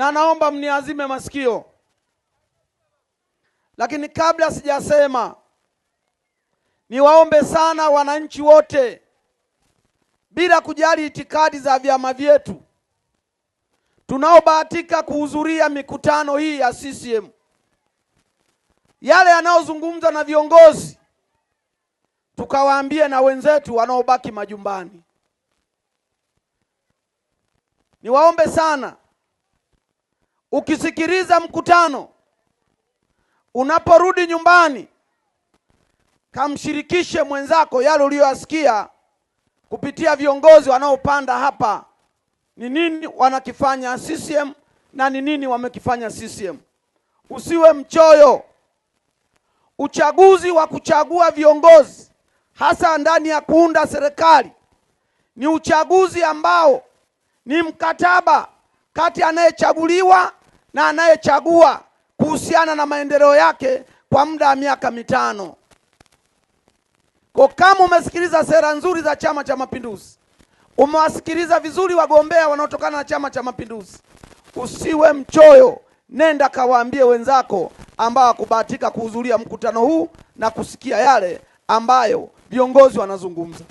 na naomba mniazime masikio. Lakini kabla sijasema, niwaombe sana wananchi wote, bila kujali itikadi za vyama vyetu, tunaobahatika kuhudhuria mikutano hii ya CCM, yale yanayozungumzwa na viongozi tukawaambie na wenzetu wanaobaki majumbani. Niwaombe sana ukisikiliza mkutano, unaporudi nyumbani, kamshirikishe mwenzako yale uliyoyasikia kupitia viongozi wanaopanda hapa, ni nini wanakifanya CCM na ni nini wamekifanya CCM. Usiwe mchoyo. Uchaguzi wa kuchagua viongozi hasa ndani ya kuunda serikali ni uchaguzi ambao ni mkataba kati anayechaguliwa na anayechagua kuhusiana na maendeleo yake kwa muda wa miaka mitano. Kwa kama umesikiliza sera nzuri za Chama cha Mapinduzi, umewasikiliza vizuri wagombea wanaotokana na Chama cha Mapinduzi, usiwe mchoyo, nenda kawaambie wenzako ambao hakubahatika kuhudhuria mkutano huu na kusikia yale ambayo viongozi wanazungumza.